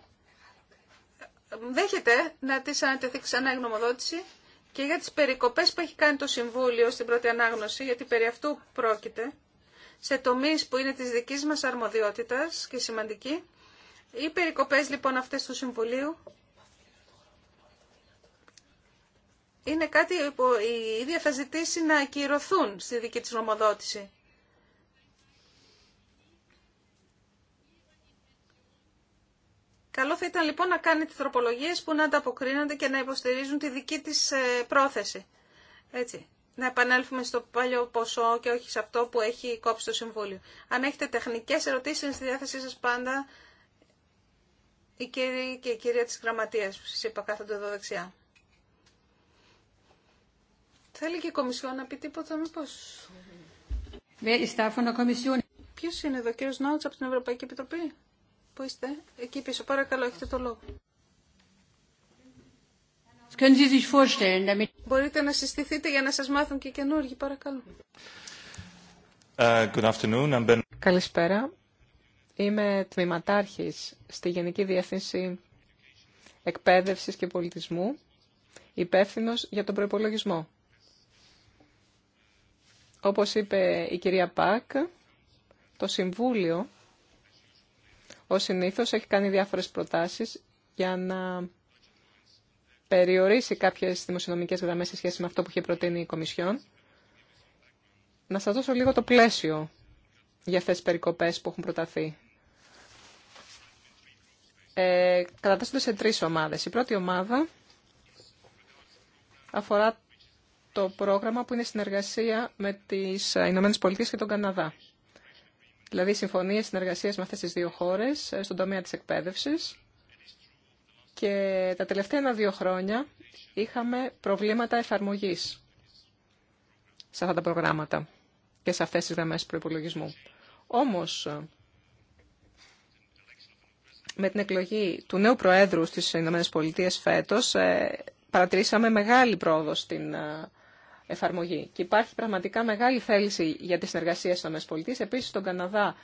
δέχεται να τη ανατεθεί ξανά η γνωμοδότηση και για τις περικοπές που έχει κάνει το Συμβούλιο στην πρώτη ανάγνωση, γιατί περί αυτού πρόκειται, σε τομείς που είναι της δικής μας αρμοδιότητας και σημαντική. Οι περικοπές λοιπόν αυτές του Συμβουλίου είναι κάτι που η ίδια θα ζητήσει να ακυρωθούν στη δική της νομοδότηση. Καλό θα ήταν λοιπόν να κάνετε τροπολογίες που να ανταποκρίνονται και να υποστηρίζουν τη δική της ε, πρόθεση. Έτσι. Να επανέλθουμε στο παλιό ποσό και όχι σε αυτό που έχει κόψει το Συμβούλιο. Αν έχετε τεχνικές ερωτήσεις, είναι στη διάθεσή σας πάντα η κυρία και η κυρία της Γραμματείας που σας είπα κάθονται εδώ δεξιά. Θέλει και η Κομισιόν να πει τίποτα, μήπω. Ποιο είναι εδώ, κύριο Νότσα από την Ευρωπαϊκή Επιτροπή. Πού είστε, εκεί πίσω, παρακαλώ, έχετε το λόγο. Μπορείτε να συστηθείτε για να σας μάθουν και καινούργοι, παρακαλώ. Ε, Καλησπέρα. Είμαι τμήματάρχης στη Γενική Διεύθυνση Εκπαίδευσης και Πολιτισμού, υπεύθυνο για τον προϋπολογισμό. Όπως είπε η κυρία Πακ, το Συμβούλιο, ο συνήθως, έχει κάνει διάφορες προτάσεις για να περιορίσει κάποιες δημοσιονομικές γραμμές σε σχέση με αυτό που είχε προτείνει η Κομισιόν. Να σας δώσω λίγο το πλαίσιο για αυτές τις περικοπές που έχουν προταθεί. Ε, κατατάσσονται σε τρεις ομάδες. Η πρώτη ομάδα αφορά το πρόγραμμα που είναι συνεργασία με τις Ηνωμένε Πολιτείες και τον Καναδά. Δηλαδή συμφωνίες συνεργασίας με αυτές τις δύο χώρες ε, στον τομέα της εκπαίδευσης. Και τα τελευταία ένα-δύο χρόνια είχαμε προβλήματα εφαρμογής σε αυτά τα προγράμματα και σε αυτές τις γραμμές προϋπολογισμού. Όμως, ε, με την εκλογή του νέου Προέδρου στις ΗΠΑ φέτος, ε, παρατηρήσαμε μεγάλη πρόοδο στην εφαρμογή. Και υπάρχει πραγματικά μεγάλη θέληση για τη συνεργασία στι ΗΠΑ. Επίση, στον Καναδά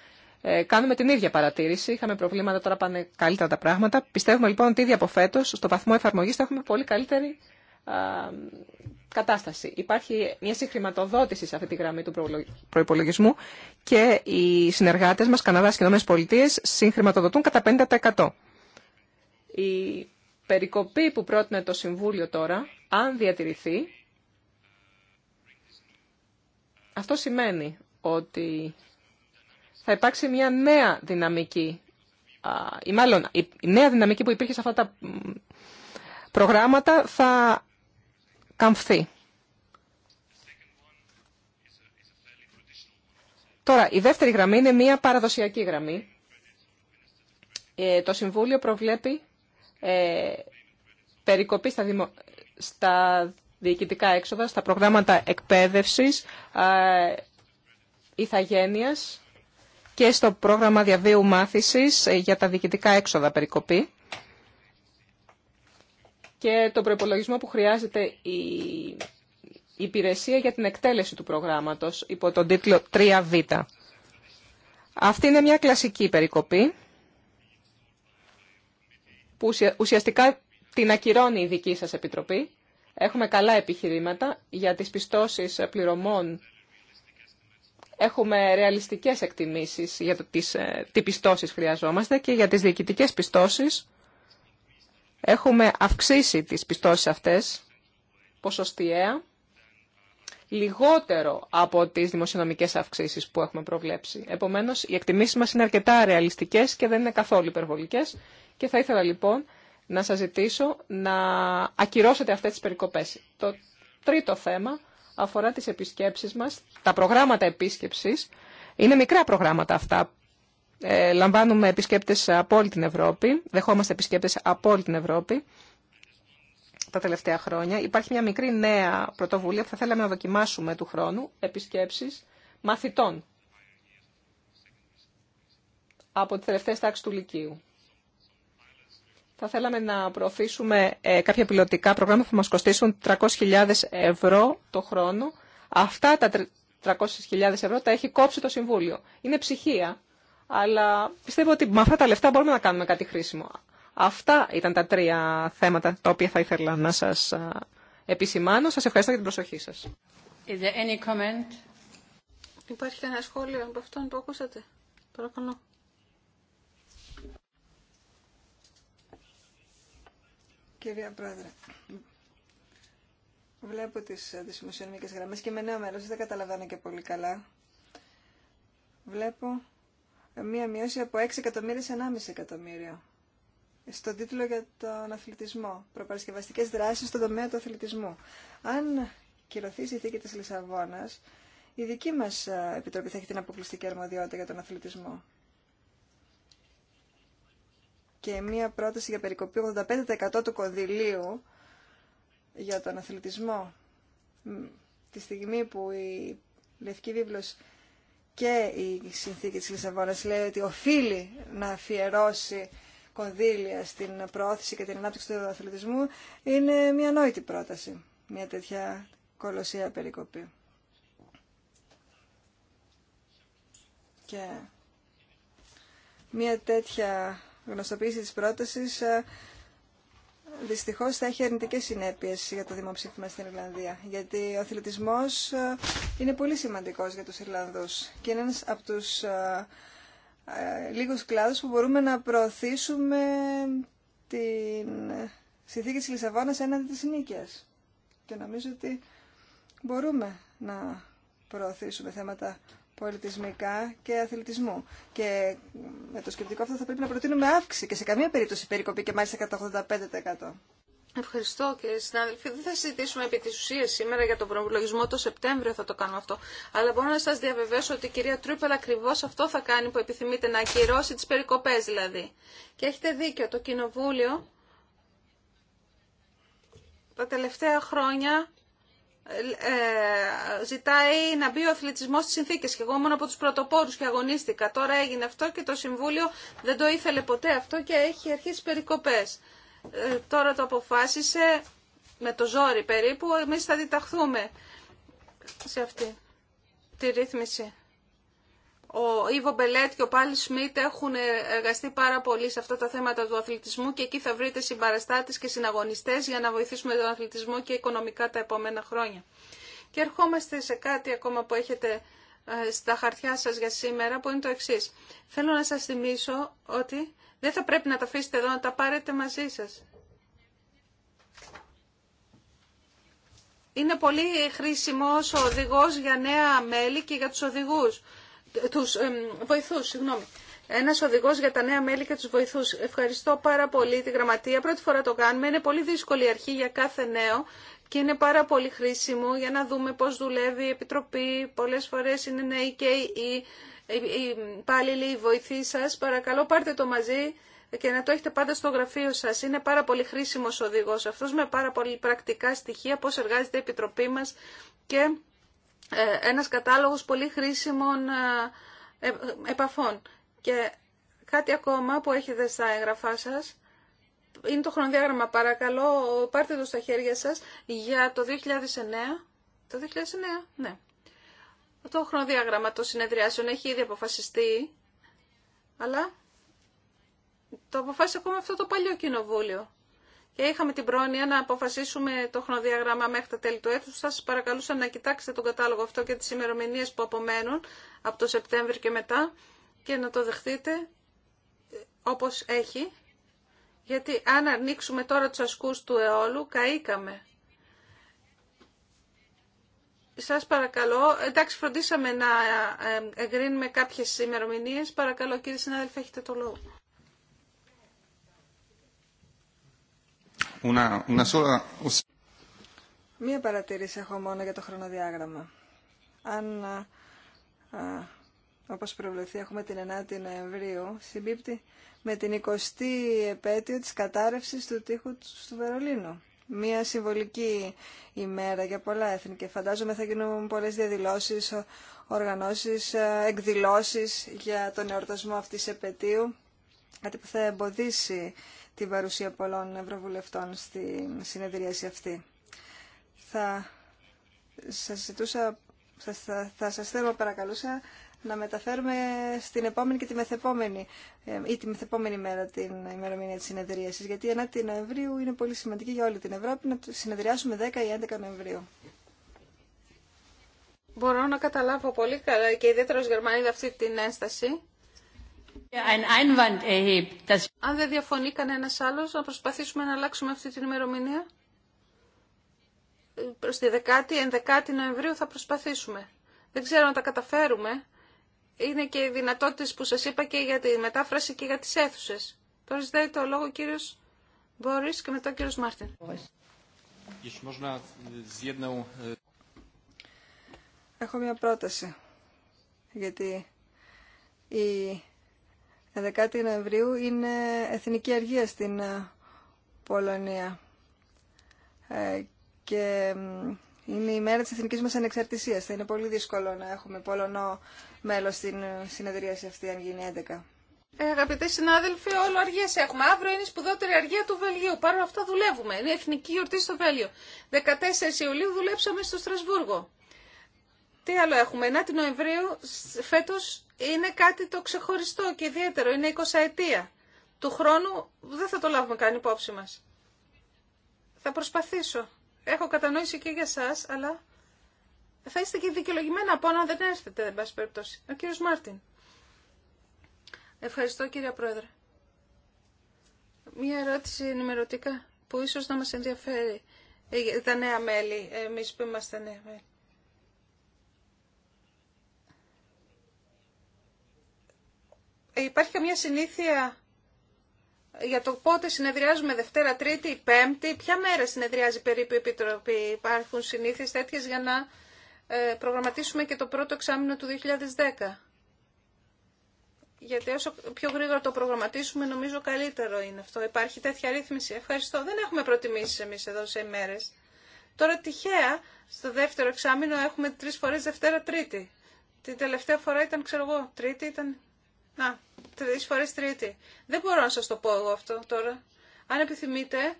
ε, κάνουμε την ίδια παρατήρηση. Είχαμε προβλήματα, τώρα πάνε καλύτερα τα πράγματα. Πιστεύουμε λοιπόν ότι ήδη από φέτο, στο βαθμό εφαρμογή, θα έχουμε πολύ καλύτερη κατάσταση. Υπάρχει μια συγχρηματοδότηση σε αυτή τη γραμμή του προπολογισμού και οι συνεργάτε μα, Καναδά και ΗΠΑ, συγχρηματοδοτούν κατά 50%. Η περικοπή που πρότεινε το Συμβούλιο τώρα, αν διατηρηθεί, αυτό σημαίνει ότι θα υπάρξει μια νέα δυναμική, ή μάλλον η νέα δυναμική που υπήρχε σε αυτά τα προγράμματα θα καμφθεί. Τώρα, η δεύτερη γραμμή είναι μια παραδοσιακή γραμμή. Ε, το Συμβούλιο προβλέπει ε, περικοπή στα, δημο... στα διοικητικά έξοδα, στα προγράμματα εκπαίδευσης, ηθαγένειας και στο πρόγραμμα διαβίου μάθησης ε, για τα διοικητικά έξοδα περικοπή και το προπολογισμό που χρειάζεται η υπηρεσία για την εκτέλεση του προγράμματος υπό τον τίτλο 3β. Αυτή είναι μια κλασική περικοπή που ουσιαστικά την ακυρώνει η δική σας επιτροπή Έχουμε καλά επιχειρήματα για τις πιστώσεις πληρωμών. Έχουμε ρεαλιστικές εκτιμήσεις για το τις, ε, τι πιστώσεις χρειαζόμαστε και για τις διοικητικές πιστώσεις. Έχουμε αυξήσει τις πιστώσεις αυτές ποσοστιαία, λιγότερο από τις δημοσιονομικές αυξήσεις που έχουμε προβλέψει. Επομένως, οι εκτιμήσεις μας είναι αρκετά ρεαλιστικές και δεν είναι καθόλου υπερβολικές και θα ήθελα λοιπόν να σας ζητήσω να ακυρώσετε αυτές τις περικοπές. Το τρίτο θέμα αφορά τις επισκέψεις μας, τα προγράμματα επίσκεψης. Είναι μικρά προγράμματα αυτά. Ε, λαμβάνουμε επισκέπτες από όλη την Ευρώπη, δεχόμαστε επισκέπτες από όλη την Ευρώπη τα τελευταία χρόνια. Υπάρχει μια μικρή νέα πρωτοβουλία που θα θέλαμε να δοκιμάσουμε του χρόνου, επισκέψεις μαθητών από τις τελευταίες τάξεις του Λυκείου. Θα θέλαμε να προωθήσουμε ε, κάποια πιλωτικά προγράμματα που μας κοστίσουν 300.000 ευρώ το χρόνο. Αυτά τα 300.000 ευρώ τα έχει κόψει το Συμβούλιο. Είναι ψυχία, αλλά πιστεύω ότι με αυτά τα λεφτά μπορούμε να κάνουμε κάτι χρήσιμο. Αυτά ήταν τα τρία θέματα τα οποία θα ήθελα να σας επισημάνω. Σας ευχαριστώ για την προσοχή σας. Is there any comment? Υπάρχει ένα σχόλιο από αυτόν που ακούσατε. Παρακαλώ. Κυρία Πρόεδρε, βλέπω τις ε, δημοσιονομικές γραμμές και με νέο δεν καταλαβαίνω και πολύ καλά. Βλέπω ε, μία μειώση από 6 εκατομμύρια σε 1,5 εκατομμύριο. Ε, στον τίτλο για τον αθλητισμό. Προπαρασκευαστικέ δράσει στον τομέα του αθλητισμού. Αν κυρωθεί η θήκη τη Λισαβόνα, η δική μα επιτροπή θα έχει την αποκλειστική αρμοδιότητα για τον αθλητισμό και μία πρόταση για περικοπή 85% του κονδυλίου για τον αθλητισμό. Τη στιγμή που η Λευκή Βίβλος και η συνθήκη της Λισαβόνας λέει ότι οφείλει να αφιερώσει κονδύλια στην προώθηση και την ανάπτυξη του αθλητισμού, είναι μια νόητη πρόταση, μια τέτοια κολοσσία περικοπή. Και μια τέτοια γνωστοποίηση της πρότασης ε, δυστυχώς θα έχει αρνητικές συνέπειες για το δημοψήφισμα στην Ιρλανδία. Γιατί ο αθλητισμός ε, είναι πολύ σημαντικός για τους Ιρλανδούς και είναι ένας από τους ε, λίγους κλάδους που μπορούμε να προωθήσουμε τη συνθήκη της Λισαβόνας έναντι της νίκης. Και νομίζω ότι μπορούμε να προωθήσουμε θέματα πολιτισμικά και αθλητισμού. Και με το σκεπτικό αυτό θα πρέπει να προτείνουμε αύξηση και σε καμία περίπτωση περικοπή και μάλιστα κατά 85%. Ευχαριστώ κύριε συνάδελφοι. Δεν θα συζητήσουμε επί τη ουσία σήμερα για τον προλογισμό. Το Σεπτέμβριο θα το κάνω αυτό. Αλλά μπορώ να σα διαβεβαιώσω ότι η κυρία Τρούπελ ακριβώ αυτό θα κάνει που επιθυμείτε να ακυρώσει τι περικοπέ δηλαδή. Και έχετε δίκιο. Το Κοινοβούλιο τα τελευταία χρόνια ε, ζητάει να μπει ο αθλητισμός στις συνθήκες και εγώ ήμουν από τους πρωτοπόρους και αγωνίστηκα. Τώρα έγινε αυτό και το Συμβούλιο δεν το ήθελε ποτέ αυτό και έχει αρχίσει περικοπές. Ε, τώρα το αποφάσισε με το ζόρι περίπου, εμείς θα διταχθούμε σε αυτή τη ρύθμιση. Ο Ιβο Μπελέτ και ο Πάλι Σμιτ έχουν εργαστεί πάρα πολύ σε αυτά τα θέματα του αθλητισμού και εκεί θα βρείτε συμπαραστάτες και συναγωνιστές για να βοηθήσουμε τον αθλητισμό και οικονομικά τα επόμενα χρόνια. Και ερχόμαστε σε κάτι ακόμα που έχετε ε, στα χαρτιά σας για σήμερα που είναι το εξή. Θέλω να σας θυμίσω ότι δεν θα πρέπει να τα αφήσετε εδώ, να τα πάρετε μαζί σας. Είναι πολύ χρήσιμος ο οδηγός για νέα μέλη και για τους οδηγούς τους βοηθούς, συγγνώμη. Ένα οδηγό για τα νέα μέλη και του βοηθού. Ευχαριστώ πάρα πολύ τη γραμματεία. Πρώτη φορά το κάνουμε. Είναι πολύ δύσκολη η αρχή για κάθε νέο και είναι πάρα πολύ χρήσιμο για να δούμε πώ δουλεύει η Επιτροπή. Πολλέ φορέ είναι νέοι και οι υπάλληλοι, οι βοηθοί σα. Παρακαλώ πάρτε το μαζί και να το έχετε πάντα στο γραφείο σα. Είναι πάρα πολύ χρήσιμο οδηγό αυτό με πάρα πολύ πρακτικά στοιχεία πώ εργάζεται η Επιτροπή μα και ε, ένας κατάλογος πολύ χρήσιμων ε, ε, επαφών. Και κάτι ακόμα που έχετε στα έγγραφά σας, είναι το χρονοδιάγραμμα παρακαλώ, πάρτε το στα χέρια σας για το 2009. Το 2009, ναι. Το χρονοδιάγραμμα των συνεδριάσεων έχει ήδη αποφασιστεί, αλλά το αποφάσισε ακόμα αυτό το παλιό κοινοβούλιο και είχαμε την πρόνοια να αποφασίσουμε το χρονοδιαγράμμα μέχρι τα τέλη του έτους. Σα σας παρακαλούσα να κοιτάξετε τον κατάλογο αυτό και τις ημερομηνίες που απομένουν από το Σεπτέμβριο και μετά και να το δεχτείτε όπως έχει. Γιατί αν ανοίξουμε τώρα τους ασκούς του αιώλου, καήκαμε. Σας παρακαλώ, εντάξει φροντίσαμε να ε, εγκρίνουμε κάποιες ημερομηνίες. Παρακαλώ κύριε συνάδελφε, έχετε το λόγο. Μία παρατήρηση έχω μόνο για το χρονοδιάγραμμα. Αν, α, α, όπως προβλεφθεί, έχουμε την 9η Νοεμβρίου, συμπίπτει με την 20η επέτειο της κατάρρευσης του τείχου του Βερολίνου. Μία συμβολική ημέρα για πολλά έθνη και φαντάζομαι θα γίνουν πολλές διαδηλώσεις, οργανώσεις, εκδηλώσεις για τον εορτασμό αυτής επαιτίου, κάτι που θα εμποδίσει την παρουσία πολλών ευρωβουλευτών στη συνεδρίαση αυτή. Θα σας ζητούσα, θα, θα σας θέλω παρακαλούσα να μεταφέρουμε στην επόμενη και τη μεθεπόμενη ε, ή τη μεθεπόμενη μέρα την ημερομηνία της συνεδρίασης, γιατί η 9η Νοεμβρίου είναι πολύ σημαντική για όλη την Ευρώπη, να συνεδριάσουμε 10 ή 1 καταλάβω πολύ καλά και ιδιαίτερα ως Γερμανίδα αυτή την ένσταση. Αν δεν διαφωνεί κανένα άλλο να προσπαθήσουμε να αλλάξουμε αυτή την ημερομηνία. Προς τη 10η, 11η Νοεμβρίου θα προσπαθήσουμε. Δεν ξέρω αν τα καταφέρουμε. Είναι και οι δυνατότητε που σας είπα και για τη μετάφραση και για τις αίθουσε. Τώρα ζητάει το λόγο ο κύριος Μπόρις και μετά ο κύριος Μάρτιν. E, Έχω μια πρόταση. Γιατί η 11η Νοεμβρίου είναι εθνική αργία στην ε, Πολωνία ε, και είναι η μέρα της εθνικής μας ανεξαρτησίας. Θα είναι πολύ δύσκολο να έχουμε Πολωνό μέλος στην ε, συνεδρίαση αυτή αν γίνει 11. Ε, αγαπητοί συνάδελφοι, όλο αργίες έχουμε. Αύριο είναι η σπουδότερη αργία του Βελγίου. Παρ' αυτά δουλεύουμε. Είναι η εθνική γιορτή στο Βέλγιο. 14 Ιουλίου δουλέψαμε στο Στρασβούργο. Τι άλλο έχουμε. 9 Νοεμβρίου φέτο είναι κάτι το ξεχωριστό και ιδιαίτερο. Είναι 20 ετία. Του χρόνου δεν θα το λάβουμε καν υπόψη μας. Θα προσπαθήσω. Έχω κατανόηση και για εσά, αλλά θα είστε και δικαιολογημένα από αν δεν έρθετε, εν πάση περιπτώσει. Ο κύριο Μάρτιν. Ευχαριστώ κύριε Πρόεδρε. Μία ερώτηση ενημερωτικά που ίσως να μας ενδιαφέρει ε, τα νέα μέλη, εμείς που είμαστε νέα μέλη. υπάρχει καμία συνήθεια για το πότε συνεδριάζουμε Δευτέρα, Τρίτη, Πέμπτη, ποια μέρα συνεδριάζει περίπου η Επιτροπή. Υπάρχουν συνήθειες τέτοιες για να ε, προγραμματίσουμε και το πρώτο εξάμεινο του 2010. Γιατί όσο πιο γρήγορα το προγραμματίσουμε νομίζω καλύτερο είναι αυτό. Υπάρχει τέτοια ρύθμιση. Ευχαριστώ. Δεν έχουμε προτιμήσει εμείς εδώ σε ημέρες. Τώρα τυχαία στο δεύτερο εξάμεινο έχουμε τρεις φορές Δευτέρα Τρίτη. Την τελευταία φορά ήταν, ξέρω εγώ, Τρίτη ήταν να, τρει φορέ τρίτη. Δεν μπορώ να σα το πω εγώ αυτό τώρα. Αν επιθυμείτε,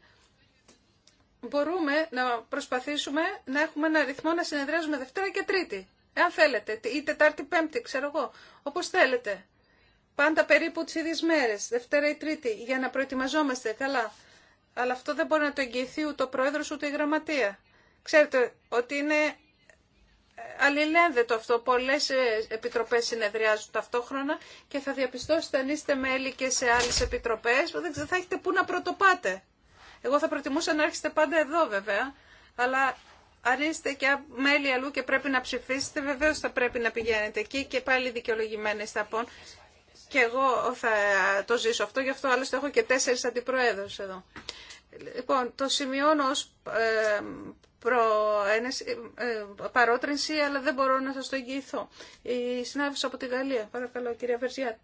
μπορούμε να προσπαθήσουμε να έχουμε ένα ρυθμό να συνεδριάζουμε Δευτέρα και Τρίτη. Εάν θέλετε, ή Τετάρτη, Πέμπτη, ξέρω εγώ, όπως θέλετε. Πάντα περίπου τι ίδιε μέρες, Δευτέρα ή Τρίτη, για να προετοιμαζόμαστε καλά. Αλλά αυτό δεν μπορεί να το εγγυηθεί ούτε ο πρόεδρο ούτε η Γραμματεία. Ξέρετε ότι είναι αλληλένδετο αυτό. Πολλές ε, επιτροπές συνεδριάζουν ταυτόχρονα και θα διαπιστώσετε αν είστε μέλη και σε άλλες επιτροπές, δεν θα έχετε πού να πρωτοπάτε. Εγώ θα προτιμούσα να έρχεστε πάντα εδώ βέβαια, αλλά αν είστε και μέλη αλλού και πρέπει να ψηφίσετε, βεβαίω θα πρέπει να πηγαίνετε εκεί και πάλι δικαιολογημένοι θα πόν Και εγώ θα το ζήσω αυτό, γι' αυτό άλλωστε έχω και τέσσερις αντιπροέδρους εδώ. Λοιπόν, το σημειώνω ως ε, ε, ε, παρότρινση, αλλά δεν μπορώ να σας το εγγυηθώ. Η συνάδελφος από τη Γαλλία, παρακαλώ, κυρία Βερζιά.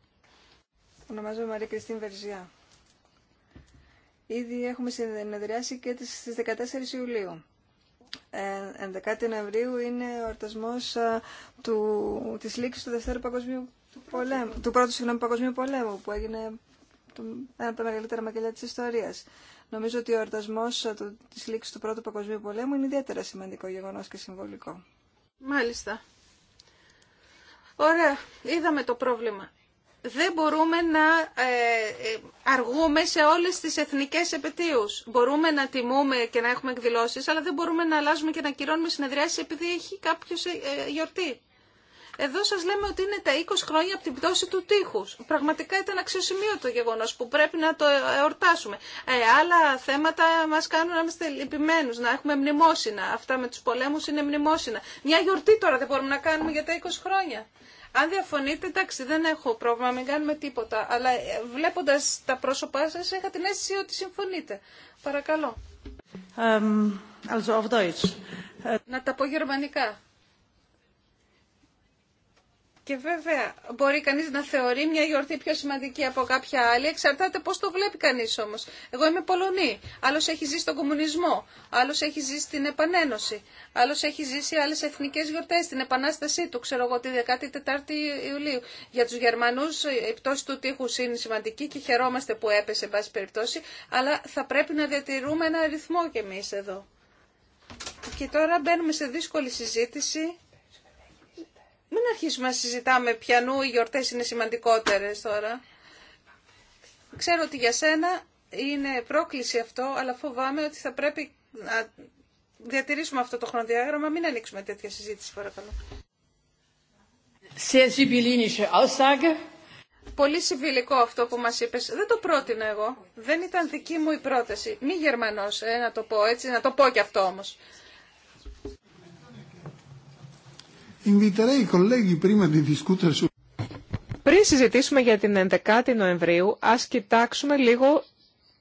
Ονομάζομαι Μαρία Κριστίν Βερζιά. Ήδη έχουμε συνεδριάσει και στις 14 Ιουλίου. 11 ε, Νοεμβρίου είναι ο ορτασμός ε, του, της λήξης του Δευτέρου Παγκοσμίου του, πολέμου, του πρώτου συγγνώμη, Παγκοσμίου Πολέμου που έγινε ένα από τα μεγαλύτερα μακελιά της ιστορίας. Νομίζω ότι ο εορτασμό ε, τη λήξη του Πρώτου Παγκοσμίου Πολέμου είναι ιδιαίτερα σημαντικό γεγονό και συμβολικό. Μάλιστα. Ωραία. Είδαμε το πρόβλημα. Δεν μπορούμε να ε, ε, αργούμε σε όλες τις εθνικές επαιτίους. Μπορούμε να τιμούμε και να έχουμε εκδηλώσεις, αλλά δεν μπορούμε να αλλάζουμε και να κυρώνουμε συνεδριάσεις επειδή έχει κάποιος γιορτή. Εδώ σα λέμε ότι είναι τα 20 χρόνια από την πτώση του τείχους. Πραγματικά ήταν αξιοσημείωτο γεγονό που πρέπει να το εορτάσουμε. Ε, άλλα θέματα μα κάνουν να είμαστε λυπημένου. να έχουμε μνημόσυνα. Αυτά με του πολέμου είναι μνημόσυνα. Μια γιορτή τώρα δεν μπορούμε να κάνουμε για τα 20 χρόνια. Αν διαφωνείτε, εντάξει, δεν έχω πρόβλημα, μην κάνουμε τίποτα. Αλλά ε, βλέποντα τα πρόσωπά σα, είχα την αίσθηση ότι συμφωνείτε. Παρακαλώ. Um, also auf Deutsch. Να τα πω γερμανικά. Και βέβαια μπορεί κανείς να θεωρεί μια γιορτή πιο σημαντική από κάποια άλλη, εξαρτάται πώς το βλέπει κανείς όμως. Εγώ είμαι Πολωνή, άλλος έχει ζήσει τον κομμουνισμό, άλλος έχει ζήσει την Επανένωση, άλλος έχει ζήσει άλλες εθνικές γιορτές, την Επανάστασή του, ξέρω εγώ, τη 14η Ιουλίου. Για τους Γερμανούς η πτώση του τείχους είναι σημαντική και χαιρόμαστε που έπεσε, εν πάση περιπτώσει, αλλά θα πρέπει να διατηρούμε ένα ρυθμό κι εμείς εδώ. Και τώρα μπαίνουμε σε δύσκολη συζήτηση μην αρχίσουμε να συζητάμε πιανού οι γιορτές είναι σημαντικότερες τώρα. Ξέρω ότι για σένα είναι πρόκληση αυτό, αλλά φοβάμαι ότι θα πρέπει να διατηρήσουμε αυτό το χρονοδιάγραμμα. Μην ανοίξουμε τέτοια συζήτηση, παρακαλώ. Πολύ συμβιλικό αυτό που μας είπες. Δεν το πρότεινα εγώ. Δεν ήταν δική μου η πρόταση. Μη Γερμανός, ε, να το πω έτσι, να το πω κι αυτό όμως. πριν συζητήσουμε για την 11η Νοεμβρίου, α κοιτάξουμε λίγο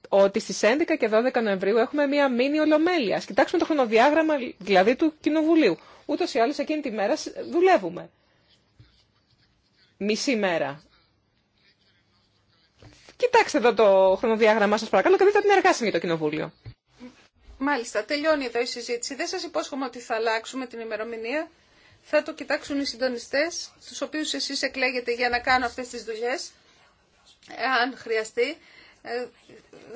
ότι στι 11 και 12 Νοεμβρίου έχουμε μία μήνυ ολομέλεια. Α κοιτάξουμε το χρονοδιάγραμμα δηλαδή του Κοινοβουλίου. Ούτω ή άλλω εκείνη τη μέρα δουλεύουμε. Μισή μέρα. Κοιτάξτε εδώ το χρονοδιάγραμμά σα παρακαλώ και δείτε την εργάσιμη για το Κοινοβούλιο. Μάλιστα, τελειώνει εδώ η συζήτηση. Δεν σα υπόσχομαι ότι θα αλλάξουμε την ημερομηνία θα το κοιτάξουν οι συντονιστές, στους οποίους εσείς εκλέγετε για να κάνω αυτές τις δουλειές, αν χρειαστεί. Ε,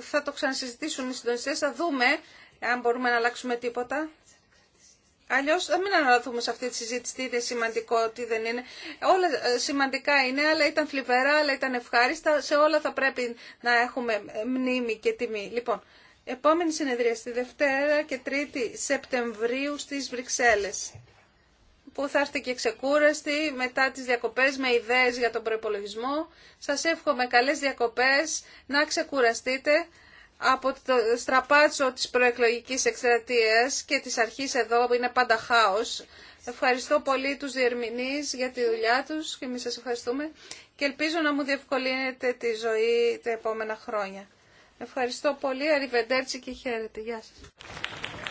θα το ξανασυζητήσουν οι συντονιστές, θα δούμε αν μπορούμε να αλλάξουμε τίποτα. Αλλιώ, να μην αναλαθούμε σε αυτή τη συζήτηση τι είναι σημαντικό, τι δεν είναι. Όλα ε, σημαντικά είναι, αλλά ήταν θλιβερά, αλλά ήταν ευχάριστα. Σε όλα θα πρέπει να έχουμε ε, μνήμη και τιμή. Λοιπόν, επόμενη συνεδρία στη Δευτέρα και Τρίτη Σεπτεμβρίου στις Βρυξέλλες που θα έρθει και ξεκούραστη μετά τις διακοπές με ιδέες για τον προϋπολογισμό. Σας εύχομαι καλές διακοπές, να ξεκουραστείτε από το στραπάτσο της προεκλογικής εκστρατείας και της αρχής εδώ που είναι πάντα χάος. Ευχαριστώ πολύ τους διερμηνείς για τη δουλειά τους και εμείς σας ευχαριστούμε και ελπίζω να μου διευκολύνετε τη ζωή τα επόμενα χρόνια. Ευχαριστώ πολύ, αριβεντέρτσι και χαίρετε. Γεια σας.